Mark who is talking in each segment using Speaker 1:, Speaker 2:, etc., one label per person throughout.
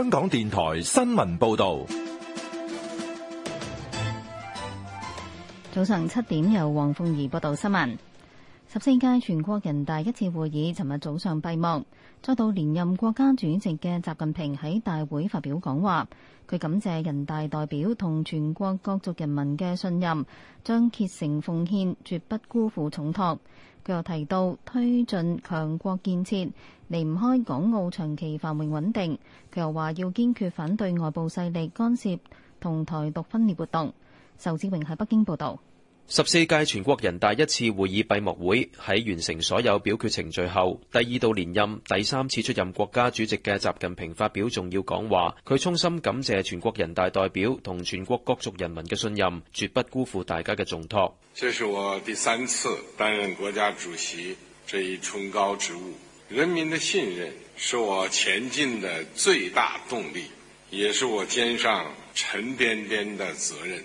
Speaker 1: 香港電台新聞報道，
Speaker 2: 早上七點由黃鳳儀報道新聞。十四屆全國人大一次會議尋日早上閉幕。再到連任國家主席嘅習近平喺大會發表講話，佢感謝人大代表同全國各族人民嘅信任，將竭誠奉獻，絕不辜負重託。又提到推進強國建設離唔開港澳長期繁榮穩定。佢又話要堅決反對外部勢力干涉同台獨分裂活動。仇志榮喺北京報導。
Speaker 3: 十四屆全國人大一次會議閉幕會喺完成所有表決程序後，第二度連任第三次出任國家主席嘅習近平發表重要講話，佢衷心感謝全國人大代表同全國各族人民嘅信任，絕不辜負大家嘅重託。
Speaker 1: 這是我第三次擔任國家主席這一崇高職務，人民的信任是我前進的最大動力，也是我肩上沉甸甸的責任。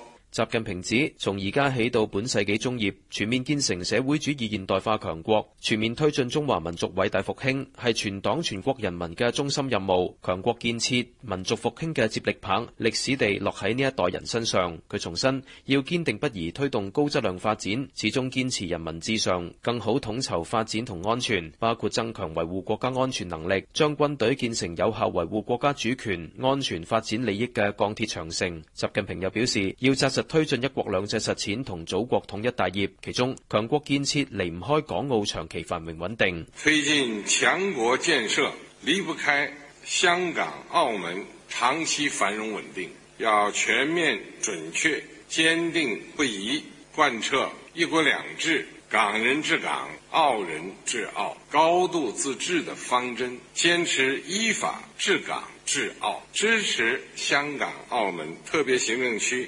Speaker 3: 習近平指，從而家起到本世紀中葉，全面建成社會主義現代化強國，全面推進中華民族偉大復興，係全黨全國人民嘅中心任務。強國建設、民族復興嘅接力棒，歷史地落喺呢一代人身上。佢重申，要堅定不移推動高質量發展，始終堅持人民至上，更好統籌發展同安全，包括增強維護國家安全能力，將軍隊建成有效維護國家主權、安全、發展利益嘅鋼鐵長城。習近平又表示，要紮實。推進一國兩制實踐同祖國統一大業，其中強國建設離唔開港澳長期繁榮穩定。
Speaker 1: 推進強國建設離不開香港、澳門長期繁榮穩定。要全面準確堅定不移貫徹一國兩制、港人治港、澳人治澳、高度自治的方針，堅持依法治港治澳，支持香港、澳門特別行政區。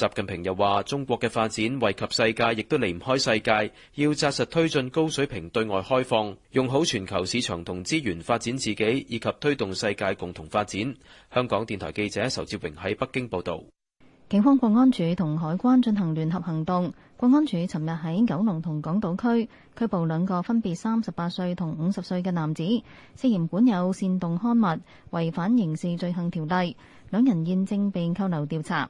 Speaker 1: 習
Speaker 3: 近平又話：中國嘅發展惠及世界，亦都離唔開世界。要紮實推進高水平對外開放，用好全球市場同資源發展自己，以及推動世界共同發展。香港電台記者仇志榮喺北京報導。
Speaker 2: 警方、國安署同海關進行聯合行動。國安署尋日喺九龍同港島區拘捕兩個分別三十八歲同五十歲嘅男子，涉嫌管有煽動刊物，違反刑事罪行條例。兩人現正被扣留調查。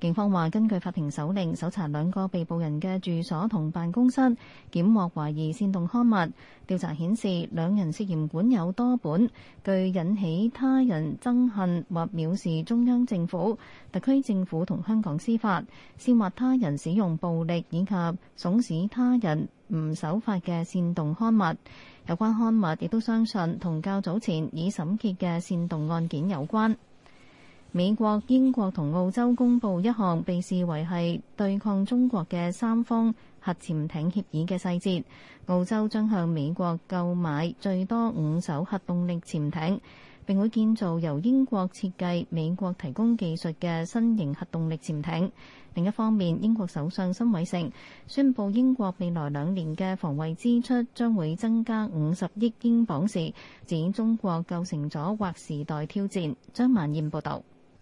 Speaker 2: 警方話，根據法庭手令，搜查兩個被捕人嘅住所同辦公室，檢獲懷疑煽動刊物。調查顯示，兩人涉嫌管有多本，具引起他人憎恨或藐視中央政府、特區政府同香港司法，煽惑他人使用暴力以及慫使他人唔守法嘅煽動刊物。有關刊物亦都相信同較早前已審結嘅煽動案件有關。美國英國，同澳洲公布一項被視為係對抗中國嘅三方核潛艇協議嘅細節，澳洲將向美國購買最多五艘核動力潛艇，並會建造由英國設計，美國提供技術嘅新型核動力潛艇。另一方面，英國首相辛偉誠宣布，英國未來兩年嘅防衛支出將會增加五十億英鎊時，指中國構成咗劃時代挑戰，張萬燕報道。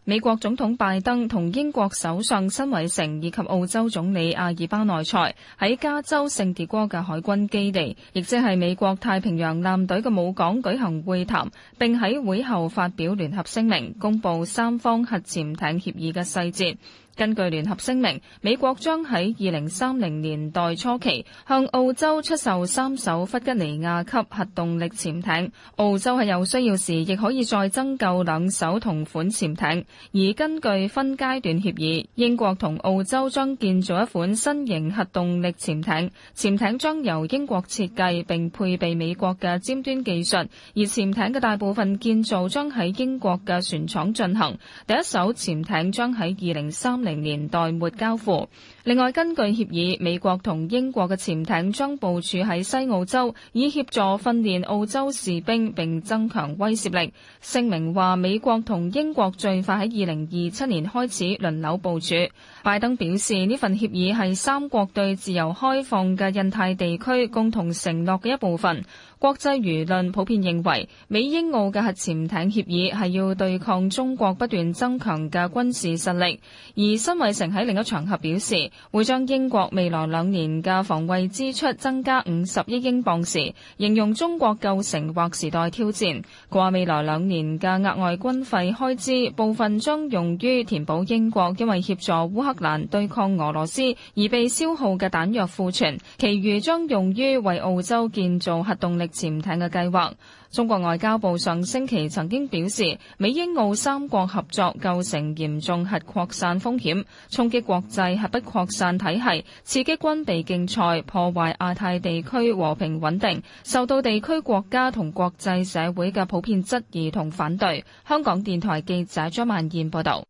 Speaker 2: 美國總統拜登同英國首相辛偉
Speaker 4: 誠以及澳洲總理阿爾巴內塞喺加州聖迭戈嘅海軍基地，亦即係美國太平洋艦隊嘅母港舉行會談，並喺會後發表聯合聲明，公布三方核潛艇協議嘅細節。根據聯合聲明，美國將喺二零三零年代初期向澳洲出售三艘弗吉尼亞級核動力潛艇，澳洲係有需要時亦可以再增購兩艘同款潛艇。而根據分階段協議，英國同澳洲將建造一款新型核動力潛艇，潛艇將由英國設計並配備美國嘅尖端技術，而潛艇嘅大部分建造將喺英國嘅船廠進行。第一艘潛艇將喺二零三零年代末交付。另外，根據協議，美國同英國嘅潛艇將部署喺西澳洲，以協助訓練澳洲士兵並增強威懾力。聲明話，美國同英國最快喺二零二七年開始輪流部署。拜登表示，呢份協議係三國對自由開放嘅印太地區共同承諾嘅一部分。國際輿論普遍認為，美英澳嘅核潛艇協議係要對抗中國不斷增強嘅軍事實力，而新維城喺另一場合表示，會將英國未來兩年嘅防衛支出增加五十億英鎊時，形容中國構成或時代挑戰。佢話未來兩年嘅額外軍費開支，部分將用於填補英國因為協助烏克蘭對抗俄羅斯而被消耗嘅彈藥庫存，其餘將用於為澳洲建造核動力潛艇嘅計劃。中國外交部上星期曾經表示，美英澳三國合作構成嚴重核擴散風險，衝擊國際核不擴散體系，刺激軍備競賽，破壞亞太地區和平穩定，受到地區國家同國際社會嘅普遍質疑同反對。香
Speaker 2: 港電台記者張曼燕報道。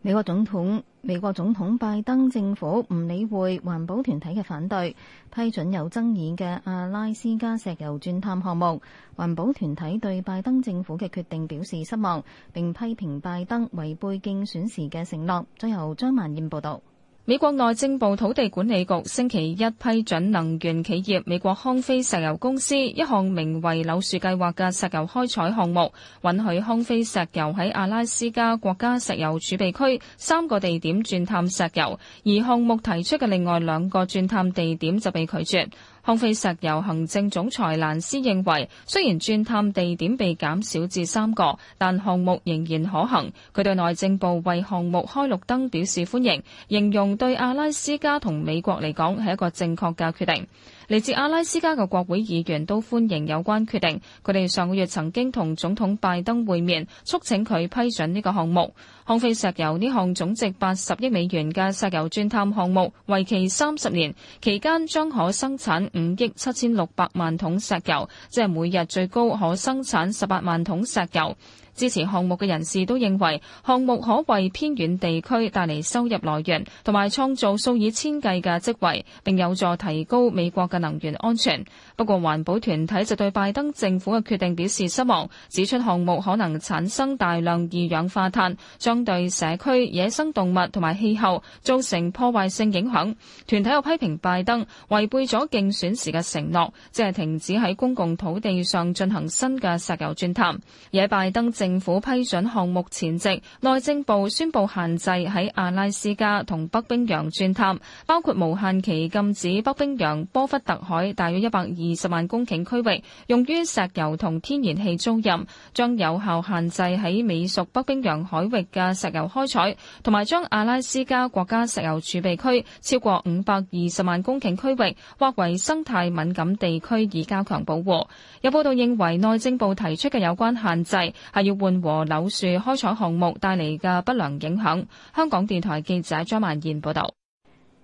Speaker 2: 美國總統。美國總統拜登政府唔理會環保團體嘅反對，批准有爭議嘅阿拉斯加石油鑽探項目。環保團體對拜登政府嘅決定表示失望，並批評拜登違背競選時嘅承諾。最後由張萬燕報道。
Speaker 4: 美國內政部土地管理局星期一批准能源企業美國康菲石油公司一項名為柳樹計劃嘅石油開採項目，允許康菲石油喺阿拉斯加國家石油儲備區三個地點鑽探石油，而項目提出嘅另外兩個鑽探地點就被拒絕。康菲石油行政總裁蘭斯認為，雖然鑽探地點被減少至三個，但項目仍然可行。佢對內政部為項目開綠燈表示歡迎，形容對阿拉斯加同美國嚟講係一個正確嘅決定。嚟自阿拉斯加嘅國會議員都歡迎有關決定，佢哋上個月曾經同總統拜登會面，促請佢批准呢個項目。康菲石油呢項總值八十億美元嘅石油鑽探項目，為期三十年，期間將可生產五億七千六百萬桶石油，即係每日最高可生產十八萬桶石油。支持項目嘅人士都認為，項目可為偏遠地區帶嚟收入來源，同埋創造數以千計嘅職位，並有助提高美國嘅能源安全。不過環保團體就對拜登政府嘅決定表示失望，指出項目可能產生大量二氧化碳，將對社區、野生動物同埋氣候造成破壞性影響。團體又批評拜登違背咗競選時嘅承諾，即係停止喺公共土地上進行新嘅石油鑽探。而拜登政府批准項目前夕，內政部宣布限制喺阿拉斯加同北冰洋鑽探，包括無限期禁止北冰洋波弗特海大約一百二十萬公頃區域用於石油同天然氣租賃，將有效限制喺美屬北冰洋海域嘅石油開採，同埋將阿拉斯加國家石油儲備區超過五百二十萬公頃區域劃為生態敏感地區以加強保護。有報道認為，內政部提出嘅有關限制係要。緩和柳樹開採項目帶嚟嘅不良影響。香港電台記者張曼燕報道。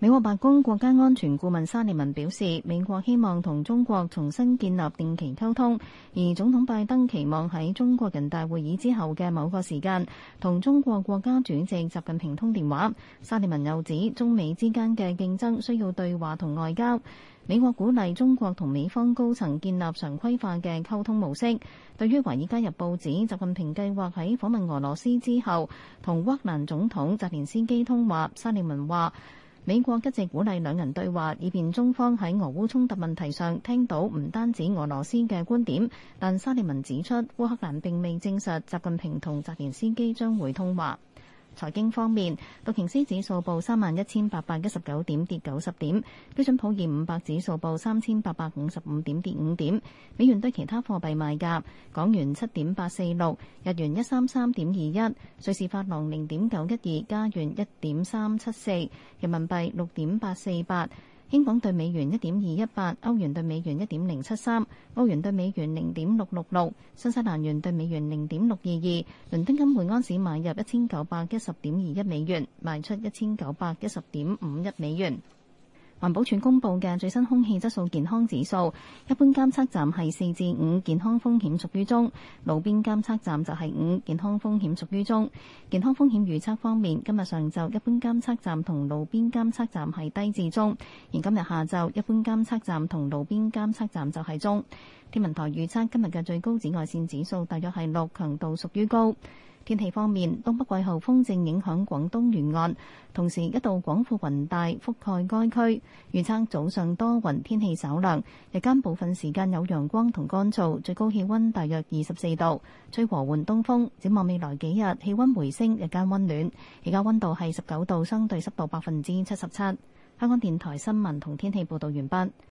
Speaker 2: 美國白宮國家安全顧問沙利文表示，美國希望同中國重新建立定期溝通，而總統拜登期望喺中國人大會議之後嘅某個時間同中國國家主席習近平通電話。沙利文又指，中美之間嘅競爭需要對話同外交。美國鼓勵中國同美方高層建立常規化嘅溝通模式。對於華爾街日報指，習近平計劃喺訪問俄羅斯之後同烏克蘭總統澤連斯基通話。沙利文話：美國一直鼓勵兩人對話，以便中方喺俄烏衝突問題上聽到唔單止俄羅斯嘅觀點。但沙利文指出，烏克蘭並未證實習近平同澤連斯基將會通話。財經方面，道瓊斯指數報三萬一千八百一十九點，跌九十點；標準普爾五百指數報三千八百五十五點，跌五點。美元對其他貨幣賣價：港元七點八四六，日元一三三點二一，瑞士法郎零點九一二，加元一點三七四，人民幣六點八四八。英鎊兌美元一點二一八，歐元兌美元一點零七三，歐元兌美元零點六六六，新西蘭元兌美元零點六二二。倫敦金每安士買入一千九百一十點二一美元，賣出一千九百一十點五一美元。環保署公布嘅最新空氣質素健康指數，一般監測站係四至五，健康風險屬於中；路邊監測站就係五，健康風險屬於中。健康風險預測方面，今日上晝一般監測站同路邊監測站係低至中，而今日下晝一般監測站同路邊監測站就係中。天文台預測今日嘅最高紫外線指數大約係六，強度屬於高。天氣方面，東北季候風正影響廣東沿岸，同時一道廣闊雲帶覆蓋該區。預測早上多雲天氣稍涼，日間部分時間有陽光同乾燥，最高氣溫大約二十四度，吹和緩東風。展望未來幾日氣溫回升，日間溫暖。而家溫度係十九度，相對濕度百分之七十七。香港電台新聞同天氣報道完畢。